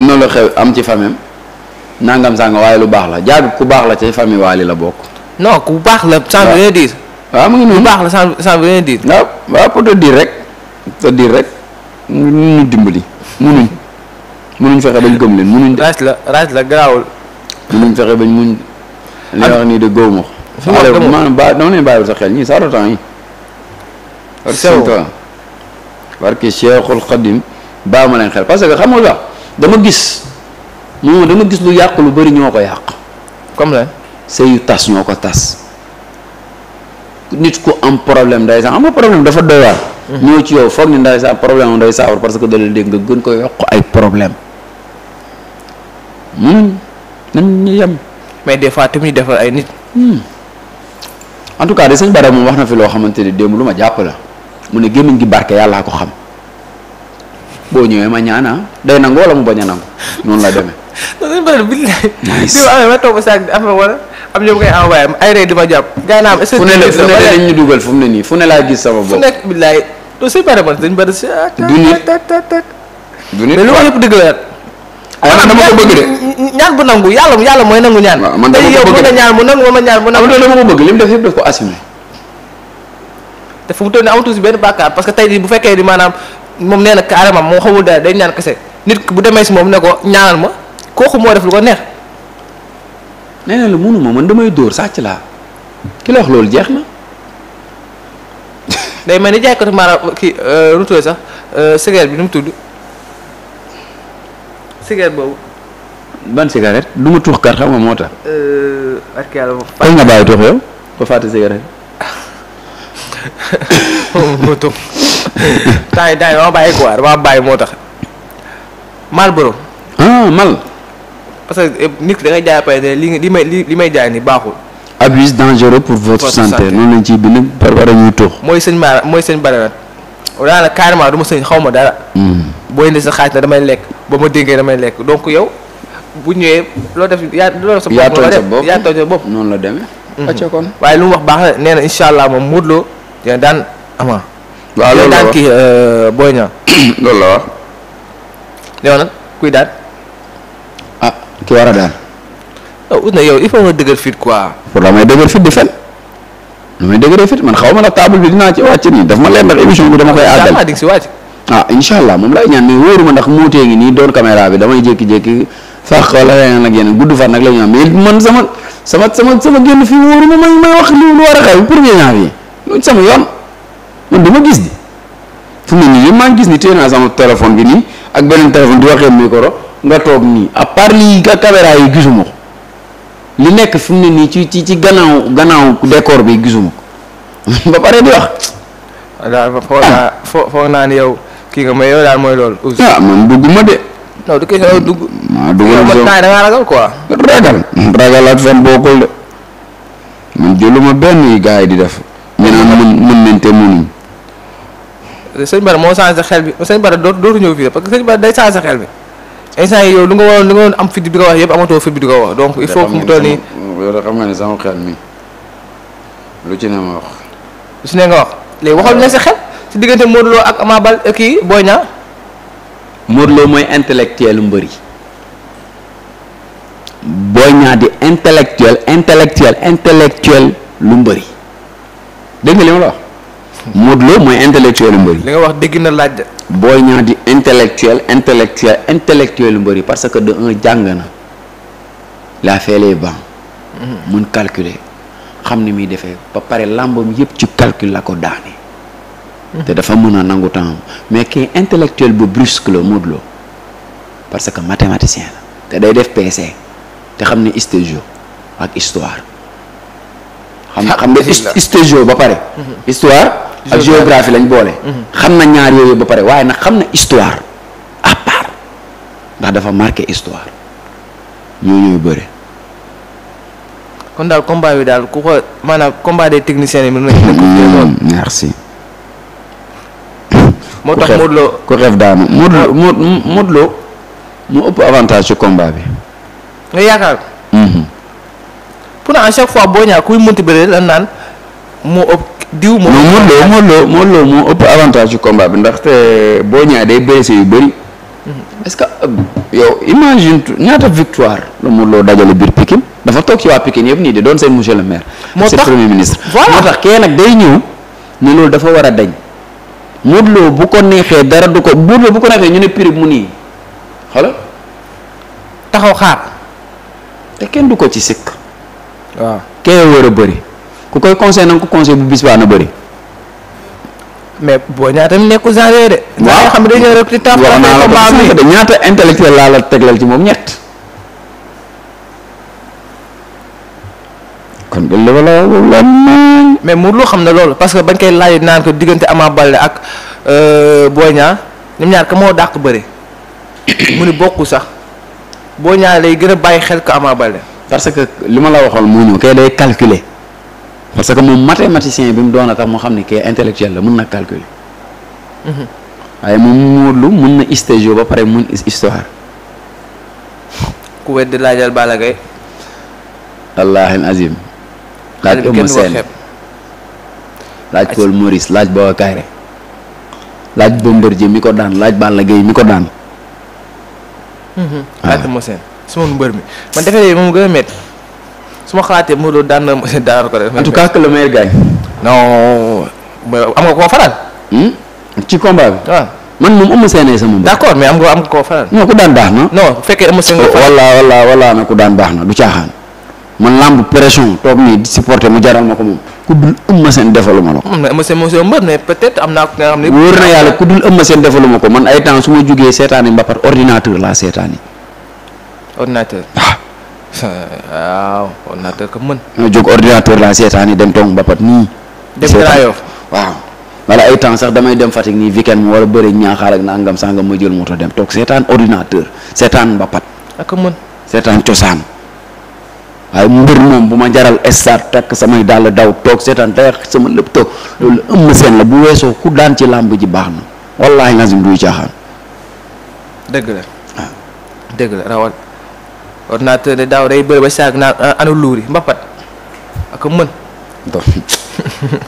na la xew am ci famem nangam sanga waaye lu baax la jaadu ku baax la ci famille Wally la bokk. non ku baax la. sans rien dire. mu ngi noonu ku baax la sans sans rien dire. waaw waaw pour te dire rek te dire rek munuñ dimbali mu nuñ fexe bañ gëm leen munuñ. raaj la raaj la garaawul. munuñ fexe bañ muñ. li nii de góob ma. su ma gëmoo maanaam ba dama leen bàyyiwul sa xel ñii saa temps yi. sew barke Cheikhul Khadim ma leen xel parce que xam nga dama gis moom dama gis lu yàq lu bëri ñoo ko yàq. comme la sëy yu tas ñoo ko tas nit ku am problème ndeysaan am nga problème dafa doy waar. Mhm. ñoo ci yow foog ni ndeysaan problème day saafara parce que da dégg nga gën ko yokk ay problème hmm, nan ñu yem. mais des fois tamit defal ay nit. Hmm. en tout cas de sëñ Bada moom wax na fi loo xamante ni démb lu ma jàpp la mu ne gémmiñ gi barke yàllaa ko xam. boo ñëwee ah, ah, ma ñaan ah day nangu wala mu bañ a nangu noonu la demee. non non non billahi. nice bi ma amee ma toog saag bi affaire wala am ñoom koy envoyé am ay rëy di ma jàpp. gars naa am est-ce que fu ne la mu ne ne na ñaan mu nangu ma ma ñaan mu nangu. am na dama ko bëgg li mu benn bàkkaar parce que tey bu fekkee ni maanaam moom nee na carrément moo xamul dara day ñaan kese nit bu demee si moom ne ko ñaanal ma kooku moo def lu ko neex. nee na la man damay dóor sàcc laa ki wax loolu jeex na. day mel ni jaaykatu maanaam kii euh, nu mu sax euh, cigarette bi nu mu tudd cigarette boobu. ban cigarette du ma tuux kar xam nga moo tax. Euh, ak yàlla moom. kañ nga bàyyi tuux yow ba fàtte cigarette. moom moo tuux. temps yi temps yi dama bàyyi quoi bàyyi moo tax mal ah mal. parce que eh, nit ki da ngay jaay pare li li may li may jaay ni baaxul. abus dangereux pour votre santé noonu lañ ciy bind par ñuy tuux. mooy sëñ maa mooy sëñ Badara daanaka carrément du ma sëñ xaw ma dara. Hmm. boo ne sa xaaj na damay lekk ba ma déggee damay lekk donc yow bu ñëwee loo def yaa loo def. sa bopp yaa tooñ sa bopp noonu la demee. Hmm. acca kon waaye lu mu wax baax nee na incha allah moom Modou Lo dina waaw euh, loolu la wax kii loolu la wax. kuy daan. ah ki war a daan. ut na yow il faut nga dëgër fit quoi. pour damay dëgër fit di fen. damay dëgëree fit man xaw ma nag table bi dinaa ci wàcc nii daf ma leen ndax émission bi dama koy àggal. ah di incha allah moom lay ñaan mais wóoru ma ndax muutee ngi nii doon caméra bi damay jékki-jékki fàq wala leneen ak yeneen gudd fan nag la ñu am man sama sama sama sama génn fii wóoru may may wax li lu war a xew premier ñaar yi sama yoon. man dama gis di fu mu ne nii maa ngi gis ni téye naa sama téléphone nii ak beneen téléphone di waxee nii à part lii yi gisuma ko li nekk fi mu ne ci ci ci gannaaw gannaaw décor bi gisuma ah, naa ah. foog yow kii nga mais yow daal mooy loolu. ah man dugguma de. du kii nga dugg. maa duggul soo da ngaa de man jëluma benn yi gars di def. ñu naan mun mun nañ te munuñ. sëñ Bara moo changé xel bi sëñ Bara dootu dootu ñëw fii parce que sëñ Bara day changé xel bi instant yow lu nga waroon lu nga wax lu ci ne ma wax lu ci ne nga wax léegi waxal na sa xel si diggante Modou ak Ama Bal kii Boy Niang Modou mooy intellectuel mbër yi Boy Niang di intellectuel intellectuel lu mbër yi li ma la wax Modou Lo mooy intellectuel yu mbëri. li nga wax dégg na laaj. booy Niang di intellectuel intellectuel intellectuel yu mbëri parce que de un jàng na la fait ba bancs. Mhm. mun calculer xam ne muy defee ba pare làmbam yëpp ci calcul la ko daane. Mhm. te dafa mën a nangu temps mais kii intellectuel bu brusque la Modou parce que mathématicien la te day def PC te xam ne stégio ak histoire. xam nga ah, xam nga stégio ba pare. Mhm. histoire ak géographie lañ boole. Mhm. xam na ñaar yooyu ba pare waaye nag xam na histoire à ndax dafa marqué histoire ñoo ñooy bëre. kon daal combat bi daal ku ko maanaam combat des techniciens yi mën nañu. Mm, merci. moo tax Modou Lo ku xeef ah. ëpp avantage ci combat bi. nga yaakaar ko. Mhm. pour à chaque fois boo ñaar kuy mënti bëre la naan moo ëpp. diw moom Modou Lo Modou Lo moo ëpp avantage ci combat bi ndaxte boo ñaa day blessé yu bëri mm-hmm. est-ce que euh, yow imagine ñaata victoire la Modou loo dajale biir Pikine dafa toog ci waa Pikine yëpp nii di doon seen monsieur le maire moo tax premier ministre moo tax kee nag day ñëw ne loolu dafa war a dañ Modou Lo bu ko neexee dara du ko Modou Lo bu ko neexee ñu ne prix mu nii xoolal taxaw xaar te kenn du ko ci sikk waaw kee war a bëri ku koy conseil na nga ko conseil bu bis baa na bëri. mais boo ñaata nekkul genre yooyu de. ñaata intellectuel laa la teglal ci moom ñett. kon de la la la mais Modou Lo xam na loolu parce que bañ koy laaj naan ko diggante Ama bale ak euh, Boy Niang ñoom ñaar ka moo dàq bëri mu ni bokku sax Boy Niang lay gën a bàyyi xel ko Ama Baldé. parce que li ma la waxoon mu ñëw kay day calculer. parce que moom mathématicien bi mu doon a tax moo xam ne kii intellectuel la mun na calculer. Mhm. waaye moom Modou Lô mun na histoire ba pare mun histoire. ku laaj Eumeu Sène laaj Paul Maurice laaj Boy Kaïré laaj Bombardier ko daan laaj Balla Gaye mi ko daan. Mhm. Ah. laaj Eumeu mbër mi man defee gën a métti. su ma xalaatee Modou daan na daan ko def. en tout am nga koo faral. Hmm? ci combat bi. waaw ah. man moom Eumeu Sène sama mbër. d'accord mais am nga am nga na. non bu fekkee Eumeu Sène nga faral. walla walla na ku daan baax na du caaxaan. man mu jaral ma ko moom ku dul Eumeu Sène defalu ma la ko. Hmm, Eumeu Sène monsieur am ne. wóor na yàlla ku dul Eumeu Sène man ay temps su ma jugee seetaani mbapat ordinateur laa seetaani. ordinateur ah. waaw ordinateur ko mën. ñoo jóg ordinateur laa seetaan dem toog mbapat nii. dem Grand-Yoff waaw. wala ay sax damay dem Fatick nii weekend mi war a bëri ñaaxaar ak nangam sangam ma jël moto dem toog seetaan ordinateur seetaan mbapat. ak mën seetaan cosaan. waaye mbir moom bu ma jaral stade takk samay dàll daw toog seetaan day sama lépp toog loolu ëmm seen la bu weesoo ku daan ci làmb ji baax na wallaahi lazim duy caaxaan. dëgg la. waaw dëgg ordinateur de daaw day bëri ba saag naan ah, anu luuri mbapat ak mën.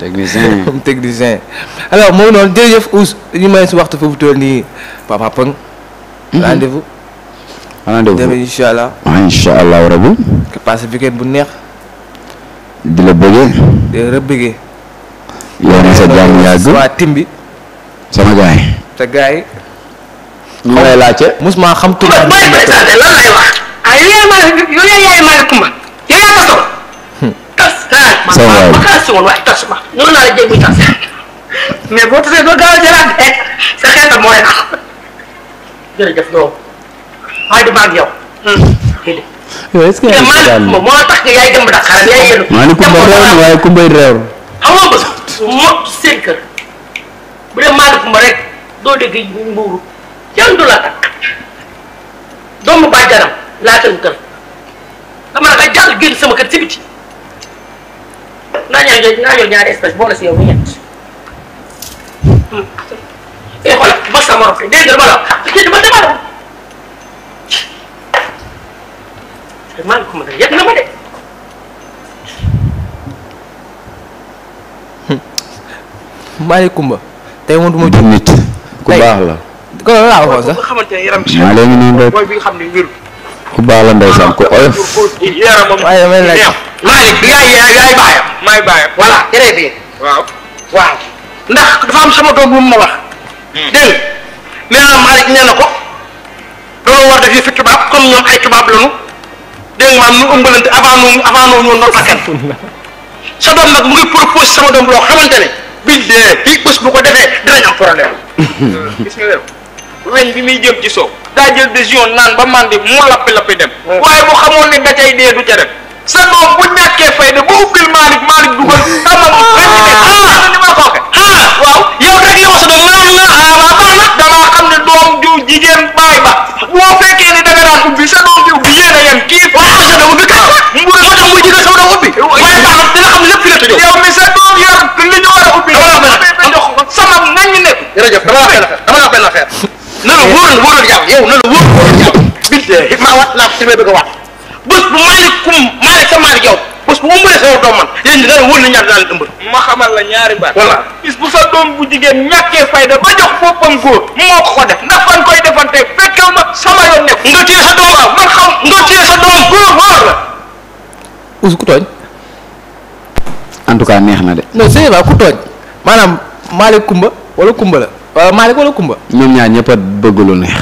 technicien comme moom noonu jërëjëf Ousse ñu may si waxtu fi toll nii Papa Peng. Mhm. rendez-vous. rendez-vous demee incha allah. incha allah rabi. que passe bu neex. di la bëggee. di la rëbbëggee. yow na sa jàmm yàgg waa timbi. sama gars sa gars yi. ñu lay laajte. mosuma xam tur. lan lay wax. ah yow yaay yaay Malick Coumba yow yaa hmm. tas ma xalaat si woon waaye tas ma noonu laa tas mais boo tasee doo gaaw a jëlaat de sa xeetam mooy tax jërëjëf yow waaye du ma ak yow. yow est-ce moo tax nga yaay dem ba Dakar yaay yëlu. Malick Coumba réew waaye Coumba réew. xam nga bés moo seen doo la takk doomu bàjjanam. laa tënk kër dama la jàll génn sama kër ci biti naa ñëw naa ñëw ñaari espèce boole si yow mu ñett te xoolal ba sa morom te maa ngi ko mën a yëg ma de. maaleykum ba tey moom du ma nit ku baax la. ko laa waxoon sax. maa leen di nuyu booy bi xam ne ku baax la ndeysaan ku oyof. yaramam neex Malick bi yaay yaay baayam. maay baayam voilà waaw ndax dafa am sama doom lu mu ma wax. Hmm. dégg nga nee na Malick nee na ko war def yi fi tubaab comme ñoom ay tubaab lañu dégg nga nu ëmbalante avant nu avant nu woon noonu bakkan sa doom nag mu ngi proposé sama doom loo xamante ne biñ dee fii bés bu ko defee dinañ am problème. Euh, bi muy jëm ci soow. daa jël décision naan ba mandi mu lappi dem. waaye bu xamoon ne da cay dee du ca dem. sa doom bu ñàkkee fay de bu ubbil Malick Malick dugal. amal ko ah. benn benn ah. ah. ni ma ko waxee. doom loolu la ne doom ju jigéen baay ba. boo fekkee ne da nga daan ubbi sa doom ju ubbi yéen a yem kii. waaw sa mu moo waaye baax na dina xam lépp la tudd. yow mi sa doom yor li ñu war a ubbi. dama la wax benn affaire sama nañ ne. jërëjëf dama la wax waat yow na la wóor ko yow binte maa waat naa ko may bëgg a waat bés bu Malick kum Malick sa Malick yow bés bu ëmbalee sa yow doom man yéen dina la wóor na ma jigéen ñàkkee fayda ba jox ko def ndax fan koy defante fekkew ma sama yoon nekk nga téye sa doom waaw man xam la usu ku tooñ en tout cas neex na de non c'est vrai ku tooñ maanaam Malick Kumba wala Kumba la wala Malick wala Kumba ñoom ñaar ñëpp a neex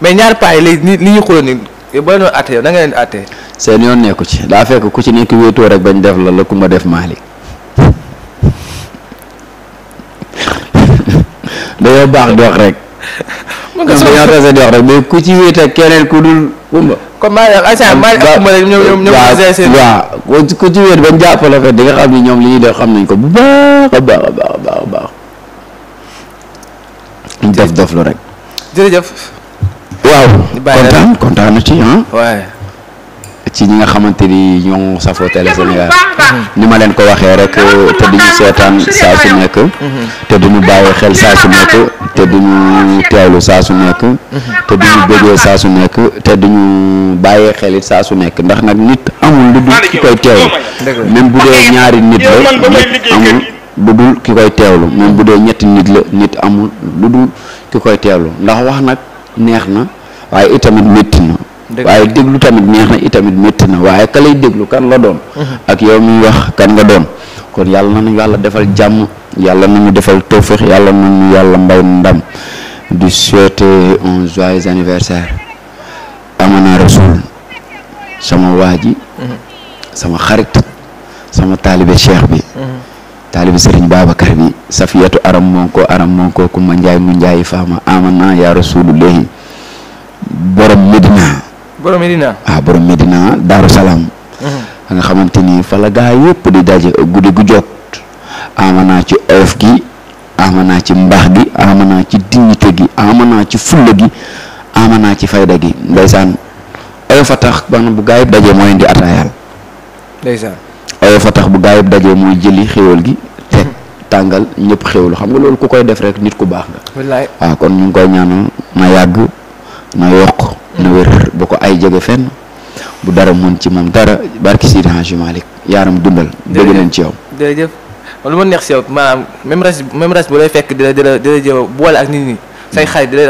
mais ñaar paa yi léegi li ñu xuloo ni booy doon àtte yow da nga leen àtte seen yoon nekku ci daa fekk ku ci nekk wéetoo rek bañ def la la ku def maalik dañoo baax di rek. mën rek mais ku ci wéet ah, ñoom ñoom waaw ku ci wéet ko di nga xam ni ñoom li ñuy def xam nañ ko bu baax a baax a baax a baax. def dof lu waaw kontaan kontaan ci ah. ci ñi nga xamante ni ñoo safoo télé Sénégal ni ma leen ko waxee rek te duñu seetaan saa su nekk te duñu bàyyi xel saa su nekk te duñu teewlu saa su nekk te duñu bëggee saa su nekk te duñu bàyyi xel it saa su nekk ndax nag nit amul lu dul ki koy teewlu bu dee ñaari nit la nit lu dul bu dee ñetti nit la nit amul lu dul ki koy teewlu ndax wax nag neex na waaye itamit métti na waaye déglu tamit neex na itamit métti na waaye ka lay déglu kan la doon mhm. ak yow miy wax kan la doon kon yàlla na ñu yàlla defal jàmm yàlla na ñu defal tawféex yàlla na ñu yàlla mbay ndam di souhaiter un joyeux anniversaire amana rasul sama waa mhm. sama xarit sama taalibe cheikh bi mhm. taalibe sëriñ Babacar bi safiyatu aram monko aram monko ko ma njaay mu njaayi faama amana ya rasulullahi borom medina borom ah, borom medina daaru salaam mhm. nga xamante gaa yëpp di daje guddi gu jot amana ci oyof gi amana ci mbaax gi amana ci dignité gi amana ci fulla gi amana ci fayda gi ndeysaan oyof a tax bu gaa yëpp dajee mooy jëli xéwal gi tàngal ñëpp la xam nga loolu ku koy def rek nit ku baax nga. wallaay waaw ah, kon ñu ngi koy ñaanal na yàgg na yokk na wér bu ko ay jege fenn bu dara mun ci moom dara barki Seydi Hadji Malick yaaram dundal. dégg nañ ci yow. jërëjëf lu ma neex si yow même race même race bu lay fekk di la boole ak nit ñi say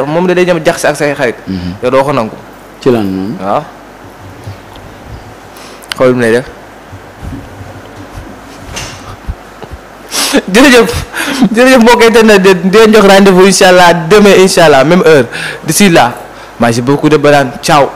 moom da lay jëm jaxase ak say xarit. Mhm. yow doo ko nangu. ci lan moom waaw. xool mu lay def. jërëjëf jërëjëf mbokk internet de di leen jox rendez-vous incha allah demain incha allah même heure d'ici là magie beaucoup de banaan